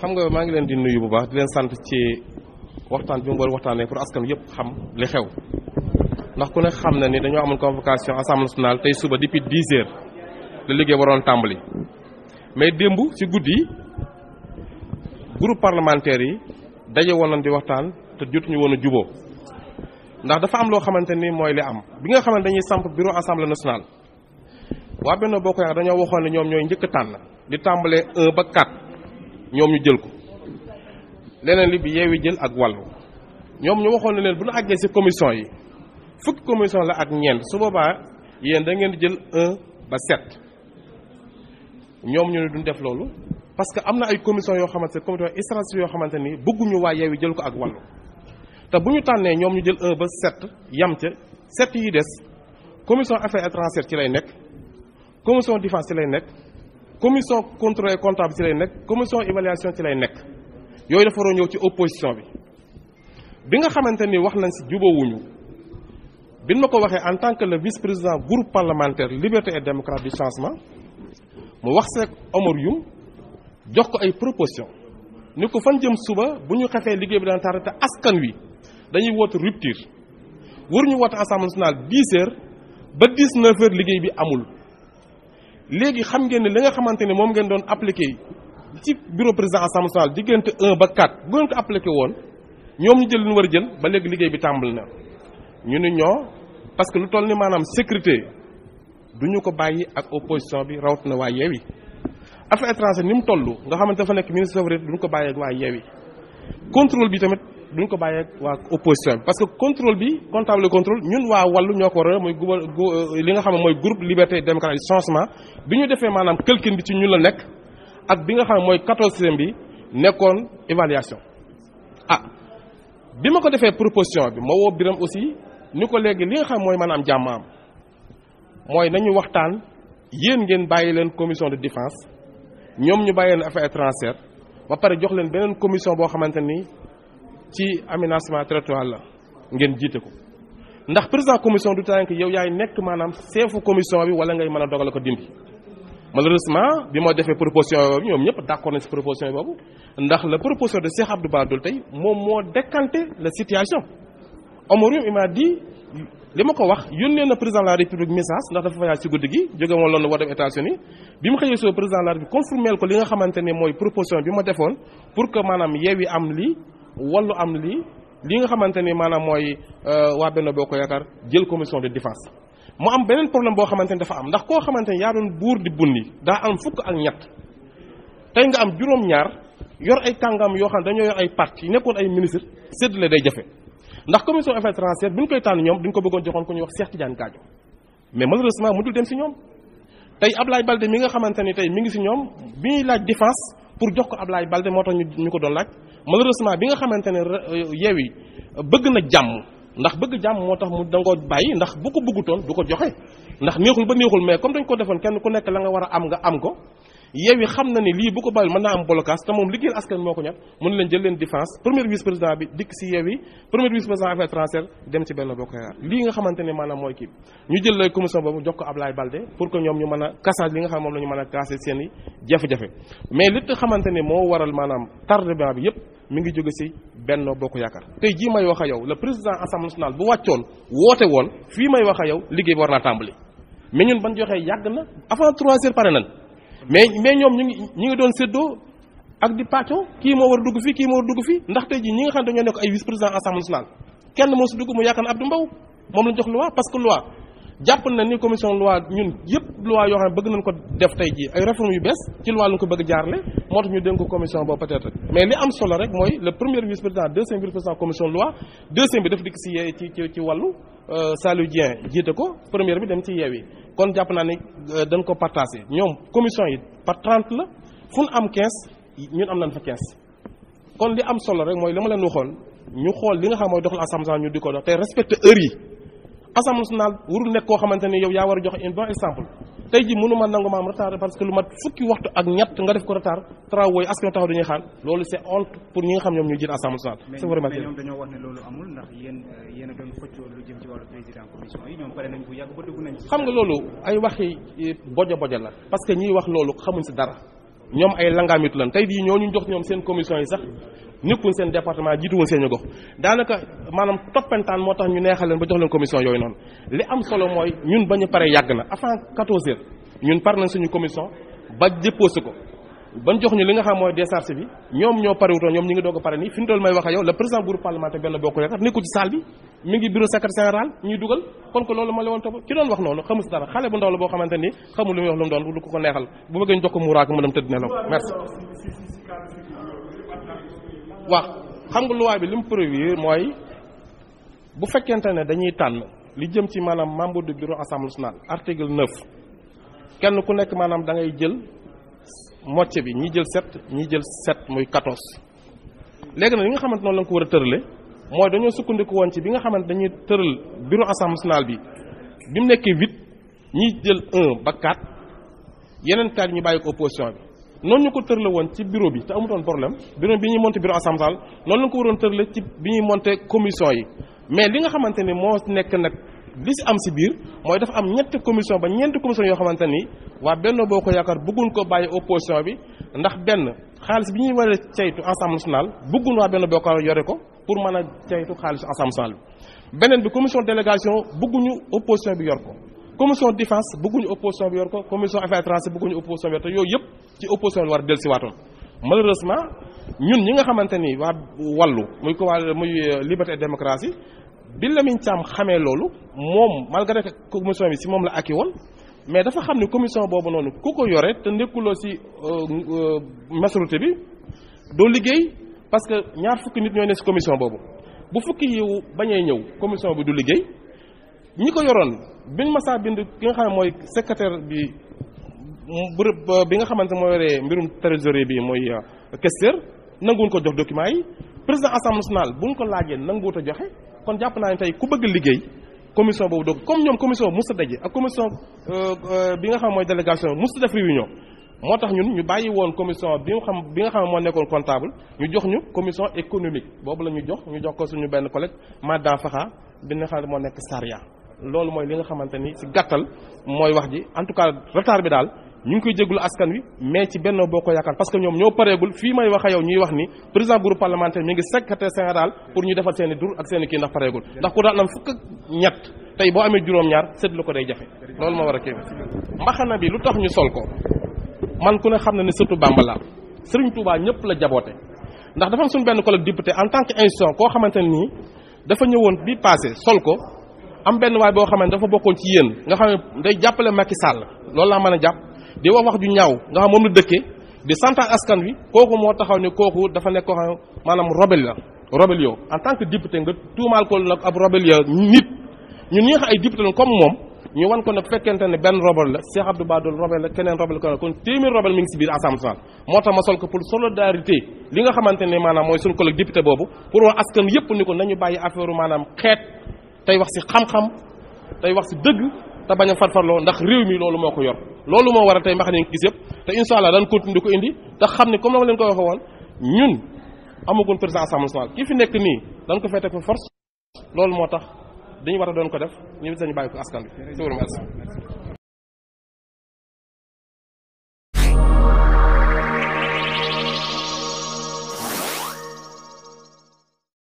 xam nga maa ngi leen di nuyu bu baax di leen sant ci waxtaan bi mu war waxtaanee pour askan yëpp xam li xew ndax ku ne xam na ni dañoo amoon convocation assemblée nationale tey suba depuis dix heures la liggéey waroon tàmbali mais démb ci guddi groupe parlementaire yi daje woon nañ di waxtaan te jotuñu woon a juboo ndax dafa am loo xamante ni mooy li am bi nga xam xamante dañuy samp bureau assemblée nationale waa benn boo ko yàq dañoo waxoon ne ñoom ñooy njëkk tànn di tàmbalee un ñoom ñu jël ko leneen li bi yeewi jël ak wàllu ñoom ñu waxoon ne leen bu ñu àggee si commission yi fukki commission la ak ñeent su boobaa yéen da ngeen di jël un ba sept ñoom ñu ne duñ def loolu parce que am na ay commission yoo xamante ne commission stratégique yoo xamante ni bëgguñu waa yeewi jël ko ak wàllu te bu ñu tànnee ñoom ñu jël ba sept yam ca sept yi des commission affaires étrangères ci lay nekk commission défense ci lay nekk. commission contrôle comptable ci lay nekk commission évaluation ci lay nekk yooyu dafa war ñëw ci opposition bi bi nga xamante ni wax nañ si jubawuñu bin ma ko waxee en tant que le vice président groupe parlementaire liberté et démocrate du changement mu wax seeg Omar jox ko ay proposition ni ko fan jëm suba bu ñu xefee liggéey bi dana tardé askan wi dañuy woote rupture waruñu woote assemblée nationale 10 heures ba 19 heures liggéey bi amul léegi xam ngeen ne li nga xamante ne moom ngeen doon appliqué ci bureau président assemblée nationale diggante 1 ba 4 bu ko appliqué woon ñoom ñu jël lu ñu war a jël ba léegi liggéey bi tàmbali na ñu ni ñoo parce que lu toll ni maanaam sécurité duñu ko bàyyi ak opposition bi na waa Yewwi affaire étrangère ni mu toll nga xamante fa nekk ministre du ñu ko bàyyi ak waa Yewwi contrôle bi tamit. duñ ko bàyyee waa opposition bi parce que contrôle bi comptable contrôle ñun waa wàllu ñoo ko war a mooy li nga xam ne mooy groupe liberté démocratique changement bi ñu defee maanaam këlkin bi ci ñun la nekk ak bi nga xam ne mooy quatorzième bi nekkoon évaluation ah bi ma ko defee proposition bi ma woo biram aussi ni ko léegi li nga xam mooy maanaam jàmm am mooy nañu waxtaan yéen ngeen bàyyi leen commission de défense ñoom ñu bàyyi leen affaire étrangère ba pare jox leen beneen commission boo xamante ni ci aménagement territorial la ngeen jiite ko ndax président commission du tànk yow yaay nekk maanaam seefu commission bi wala ngay mën a dogal ko dindi malheureusement bi ma defee proposition yooyu ñoom ñëpp d'accord nañ si proposition ndax la proposition de Cheikh Abdou moo m'a ko wax yónnee na président de la république message ndax dafa voyage si guddi gi jóge woon loolu war dem États-Unis bi mu xëyee soo président de la république confirmeel ko li nga xamante ne mooy proposition bi ma defoon pour que maanaam yeewi am lii wallu am lii li nga xamante ni maanaam mooy euh, waa boo ko Yaakaar jël commission de défense mu am beneen problème boo xamante ni dafa am ndax koo xamante ni yaa doon buur di bunni daa am fukk ak ñett tey nga am juróom-ñaar yor ay kàngam yoo xam ne dañoo yor ay parti nekkoon ay ministre séddale day jafe ndax commission affaires étrangères bi ñu koy tànn ñoom dañ ko bëggoon joxoon ku ñuy wax Cheikh Tidiane Gadio mais malheureusement mujjul dem si ñoom tey Ablaye Balde nga xamante ni tey mi ngi si ñoom bi ñuy laaj défense pour jox ko Ablaye Balde moo tax ñu ko doon laaj malheureusement bi nga xamante ne euh, Yewwi euh, bëgg na jàmm ndax bëgg jàmm moo tax mu dangoo bàyyi ndax bu ko bëggutoon du ko joxe ndax neexul ba neexul mais comme dañ ko defoon kenn ku nekk la nga war a am nga am ko Yewwi xam na ni lii naa am blocage te moom liggéeyal askan moo ko ñor mun leen jël leen bi dikk si Yewwi premier vice président nga xamante ne maanaam mooy kii ñu jël lay commission boobu jox ko Ablaye Balde pour que ñoom ñu mën a kasaaj li nga xam moom la a seen i jafe-jafe xamante ne moo waral maanaam tardement bi yëpp mi ngi jóge si Benno Bokk Yaakaar tey jii may wax a yow la président assemblée nationale bu wàccoon woote woon fii may wax a yow liggéey bi war naa tàmbali mais ñun ban joxee yàgg na avant trois heures pare nañ mais mais ñoom ñu ngi ñu ngi doon séddoo ak di pàccoo kii moo war a dugg fii kii moo war a dugg fii ndax tey jii ñi nga xam ne dañoo nekk ay vice président assemblée nationale kenn moo si dugg mu yaakaar Abdou Mbow moom lañ jox loi parce que loi jàpp na ni commission loi ñun yëpp loi yoo xam ne bëgg nañ ko def tey jii ay réforme yu bees ci loi lañ ko bëgg jaarle moo tax ñu dénk ko commission boobu peut li am solo rek mooy le premier vice président deuxième vice président commission loi deuxième bi daf dikk si yee euh, jiite ko première bi dem ci yeew yi kon jàpp naa ni euh, dañ ko partagé ñoom commission yi par 30 la fu ñu am 15 ñun am nañ fa 15 kon li am solo rek mooy li ma leen waxoon ñu xool li nga xam mooy doxal assemblée ñu di ko dox te respecté heure yi assemblée nationale warul nekk koo xamante ne yaa war a joxe un bon exemple tey ji mënu nangu ma am retard parce que lu mat fukki waxtu ak ñett nga def ko retard travaux yi askan taxaw dañuy xaar loolu c'est honte pour ñi nga xam ñoom ñooy jiite assemblée nationale ne loolu amul euh, a doon xëccoo lu jëm ci wàllu président xam nga loolu ay waxi boja eh, boja la parce que ñiy wax loolu xamuñ si dara ñoom ay langaamit lan tey di ñoo ñu jox ñoom seen commission yi sax nekkuñ seen département jiituwuñ seen i gox daanaka maanaam toppantaan moo tax ñu neexal leen ba jox leen commission yooyu noonu li am solo mooy ñun ba ñu pare yàgg na avant 14 heures ñun par nañ suñu commission ba déposé ko ban jox ñu li nga xam mooy décharge bi ñoom ñoo parewutoon ñoom ñi ngi doog a pare nii fi ñu may wax ak yow président groupe parlementaire benn bokk yaakaar nekkul ci salle bi mi ngi bureau secrétaire général ñuy dugal kon ko loolu ma la woon topp ci doon wax noonu xamu si dara xale bu ndaw la boo xamante ni xamul lu mu doon lu ko ko neexal bu bëggee ñu jox ko muuraak mu dem tëdd nelaw merci waaw xam nga loi bi li mu prévu mooy bu fekkente ne dañuy tànn li jëm ci maanaam membre du bureau assemblée nationale article 9 kenn ku nekk maanaam da ngay jël mocce bi ñi jël sept ñi jël sept muy quatorze. léegi nag li nga xamante noonu la ko war a tërale mooy dañoo sukkandiku woon ci bi nga xamante dañuy tëral bureau assemblée nationale bi bi mu nekkee huit ñi jël un ba quatre yeneen quatre ñu bàyyi ko opposition bi. noonu ñu ko tërle woon ci bureau bi te amutoon problème bureau bi ñuy monté bureau assemblée noonu la ñu ko waroon tërle ci bi ñuy monté commission yi mais li nga xamante ne moo nekk nag. li si am si biir mooy dafa am ñetti commission ba ñeenti commission yoo xamante ni waa Benno Bokk Yaakaar bëgguñ ko bàyyi opposition bi ndax benn xaalis bi ñuy war a ceytu Assemblée nationale bëgguñ waa Benno Bokk Yaakaar yore ko pour mën a ceytu xaalis Assemblée nationale bi beneen bi commission délégation bëgguñu opposition bi yor ko commission défense bëgguñu opposition bi yor ko commission affaires étrangères bëgguñu opposition bi yor ko yooyu yëpp ci opposition bi war ñun ñi nga xamante ni waa wàllu muy ko waa muy euh, liberté et démocratie bi Lamine Thiam xamee loolu moom malgré que commission bi si moom la aki woon mais dafa xam ni commission boobu noonu ku ko yore te nekkuloo si euh, majorité bi doo liggéey parce que ñaar fukki nit ñooy ne si commission boobu bu fukki yiw bañee ñëw commission bi du liggéey ñi ko yoroon biñ masaa bind ki nga xam ne mooy secrétaire bi bërëb bi nga xamante moo yore mbirum trésorier bi mooy questeur euh, nanguwuñ ko jox document yi président assemblée nationale bu ñu ko laajee nanguwut a joxe kon jàpp naa ne tey ku bëgg liggéey commission boobu donc comme ñoom commission musta daje ak commission euh, euh, bi nga xam mooy délégation musta def réunion moo tax ñun ñu bàyyi woon commission bi nga xam bi nga xam moo nekkoon comptable ñu jox ñu commission économique boobu la ñu jox ñu jox ko suñu benn collègue Madan Faxa bi nga xam moo nekk Saria loolu mooy li nga xamante ni si gàttal mooy wax ji en tout cas retard bi daal ñu ngi koy jéglu askan wi mais ci Benno Bokk Yaakaar parce que ñoom ñoo pareegul fii may wax yow ñuy wax ni président groupe parlementaire mi ngi secrétaire général pour ñu defal seen i dur ak seen i kii ndax pareegul ndax ku daan am fukk ak ñett tey boo amee juróom-ñaar seetlu ko day jafe loolu ma war a kii mbaxana bi lu tax ñu sol ko man ku ne xam na ne surtout Bamba la Serigne Touba ñëpp la jaboote ndax dafa am suñu benn collègue député en tant que institution koo xamante ne nii dafa ñëwoon bi passé ko am benn waay boo xamante dafa bokkoon ci yéen nga xam ne day jàppale Macky Sall loolu laa mën a jàpp di wax wax ju ñaaw nga xam moom la dëkkee di santa askan wi kooku moo taxaw ne kooku dafa nekk koo xam maanaam rebelle la robel yow en tant que député nga tuumaal ko nag ab rebelle yow nit ñun ñi ay député la comme moom ñu wan ko ne fekkente ne benn rebelle la Cheikh Abdou Bara doon rebelle la keneen rebelle la kon téeméer rebelle mi ngi si biir Assemblée nationale moo tax ma sol ko pour solidarité li nga xamante ne maanaam mooy suñu collègue député boobu pour wax askan yëpp ni ko nañu bàyyi affaire maanaam xeet tey wax si xam-xam wax si dëgg te bañ a farfarloo ndax réew mi loolu moo ko yor loolu moo waral tey mbax ne gis yëpp te incha allah daan continuer di ko indi te xam ne comme la ma leen ko waxee woon ñun amaguñ président assemblée nationale ki fi nekk nii danga ko fee teg fa force loolu moo tax dañu war a doon ko def ñu dañu bàyyi ko askan bi.